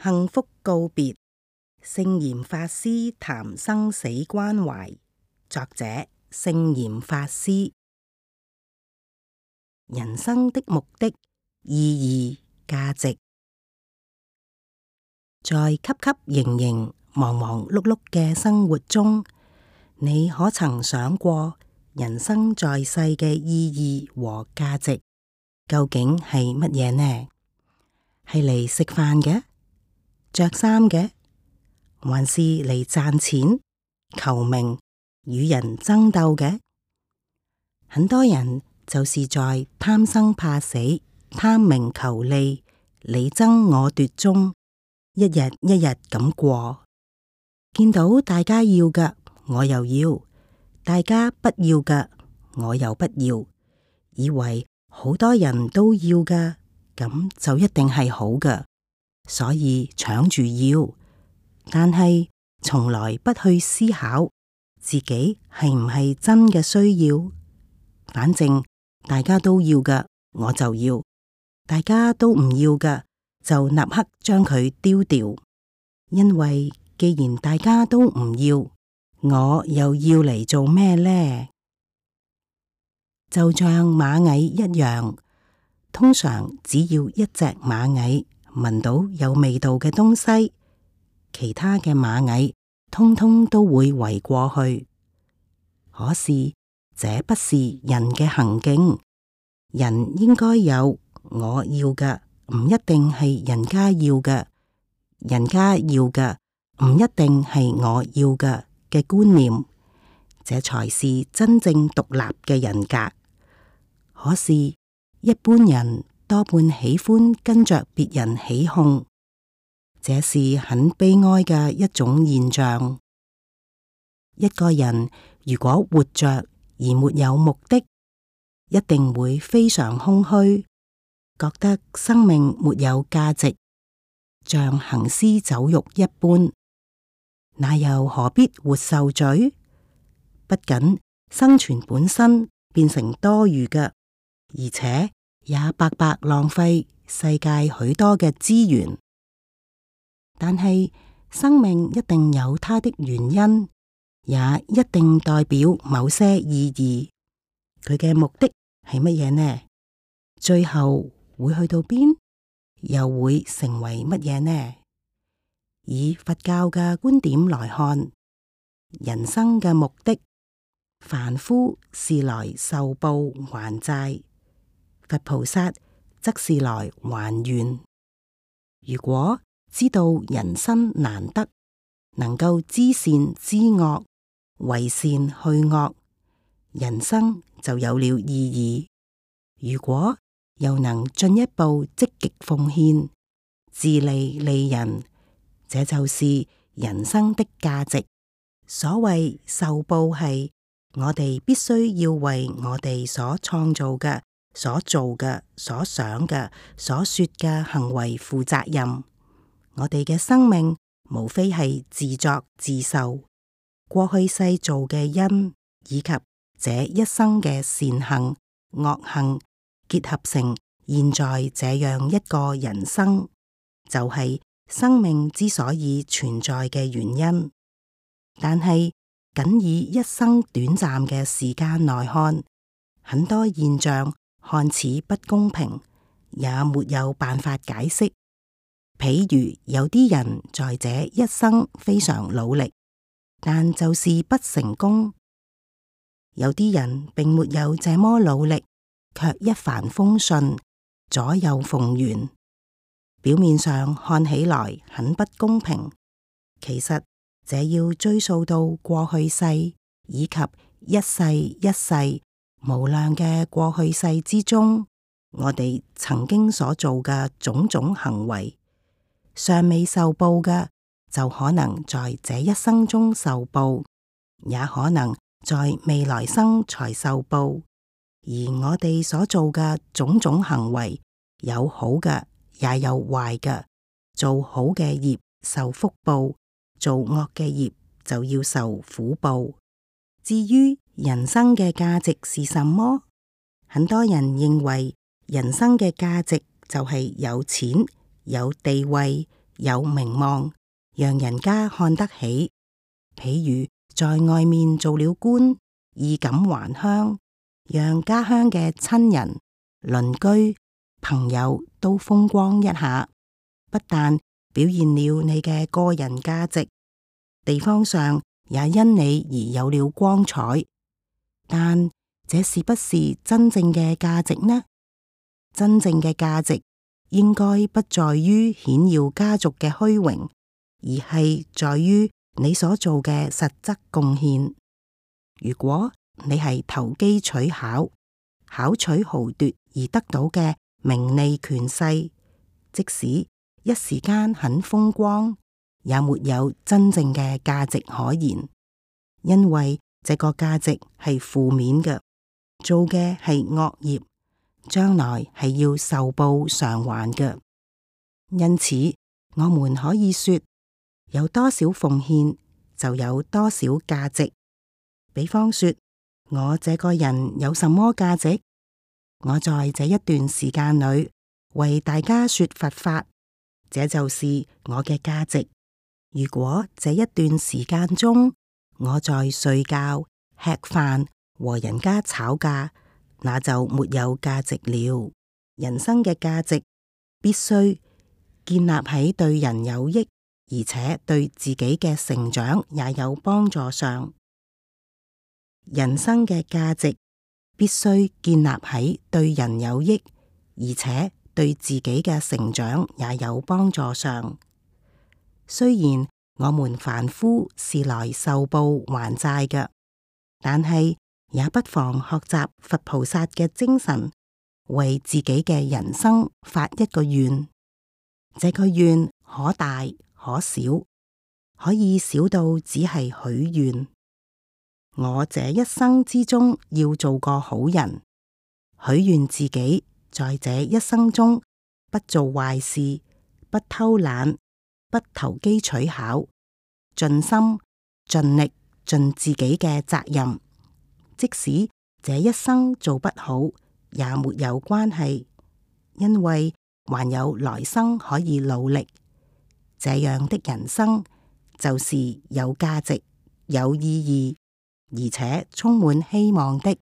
幸福告別，聖嚴法師談生死關懷。作者：聖嚴法師。人生的目的、意義、價值，在汲汲營營、忙忙碌碌嘅生活中，你可曾想過人生在世嘅意義和價值究竟係乜嘢呢？係嚟食飯嘅？着衫嘅，還是嚟賺錢、求名、與人爭鬥嘅，很多人就是在貪生怕死、貪名求利、你爭我奪中，一日一日咁過。見到大家要嘅，我又要；大家不要嘅，我又不要。以為好多人都要嘅，咁就一定係好嘅。所以搶住要，但係從來不去思考自己係唔係真嘅需要。反正大家都要㗎，我就要；大家都唔要㗎，就立刻將佢丟掉。因為既然大家都唔要，我又要嚟做咩呢？就像螞蟻一樣，通常只要一隻螞蟻。聞到有味道嘅東西，其他嘅螞蟻通通都會圍過去。可是，這不是人嘅行徑。人應該有我要嘅，唔一定係人家要嘅；人家要嘅，唔一定係我要嘅嘅觀念。這才是真正獨立嘅人格。可是，一般人。多半喜歡跟着別人起哄，這是很悲哀嘅一種現象。一個人如果活着而沒有目的，一定會非常空虛，覺得生命沒有價值，像行屍走肉一般。那又何必活受罪？不僅生存本身變成多餘嘅，而且。也白白浪費世界許多嘅資源，但係生命一定有它的原因，也一定代表某些意義。佢嘅目的係乜嘢呢？最後會去到邊？又會成為乜嘢呢？以佛教嘅觀點來看，人生嘅目的，凡夫是來受報還債。佛菩薩則是來還願。如果知道人生難得，能夠知善知惡，為善去惡，人生就有了意義。如果又能進一步積極奉獻，自利利人，這就是人生的價值。所謂受報，係我哋必須要為我哋所創造嘅。所做嘅、所想嘅、所說嘅行為負責任。我哋嘅生命無非係自作自受，過去世做嘅因，以及這一生嘅善行、惡行結合成現在這樣一個人生，就係、是、生命之所以存在嘅原因。但係僅以一生短暫嘅時間內看，很多現象。看似不公平，也沒有辦法解釋。譬如有啲人在這一生非常努力，但就是不成功；有啲人並沒有這麼努力，卻一帆風順，左右逢源。表面上看起來很不公平，其實這要追溯到過去世以及一世一世。無量嘅過去世之中，我哋曾經所做嘅種種行為，尚未受報嘅，就可能在這一生中受報，也可能在未來生才受報。而我哋所做嘅種種行為，有好嘅，也有壞嘅。做好嘅業受福報，做惡嘅業就要受苦報。至於人生嘅價值是什麼？很多人認為人生嘅價值就係有錢、有地位、有名望，讓人家看得起。譬如在外面做了官，衣錦還鄉，讓家鄉嘅親人、鄰居、朋友都風光一下，不但表現了你嘅個人價值。地方上。也因你而有了光彩，但這是不是真正嘅價值呢？真正嘅價值應該不在於顯耀家族嘅虛榮，而係在於你所做嘅實質貢獻。如果你係投機取巧、巧取豪奪而得到嘅名利權勢，即使一時間很風光。也沒有真正嘅價值可言，因為這個價值係負面嘅，做嘅係惡業，將來係要受報償還嘅。因此，我們可以說有多少奉獻就有多少價值。比方說，我這個人有什麼價值？我在這一段時間裏為大家說佛法，這就是我嘅價值。如果這一段時間中我在睡覺、吃飯和人家吵架，那就沒有價值了。人生嘅價值必須建立喺對人有益，而且對自己嘅成長也有幫助上。人生嘅價值必須建立喺對人有益，而且對自己嘅成長也有幫助上。雖然我們凡夫是來受報還債嘅，但係也不妨學習佛菩薩嘅精神，為自己嘅人生發一個願。這個願可大可小，可以小到只係許願。我這一生之中要做個好人，許願自己在這一生中不做壞事，不偷懶。不投機取巧，盡心、盡力、盡自己嘅責任，即使這一生做不好，也沒有關係，因為還有來生可以努力。這樣的人生就是有價值、有意義，而且充滿希望的。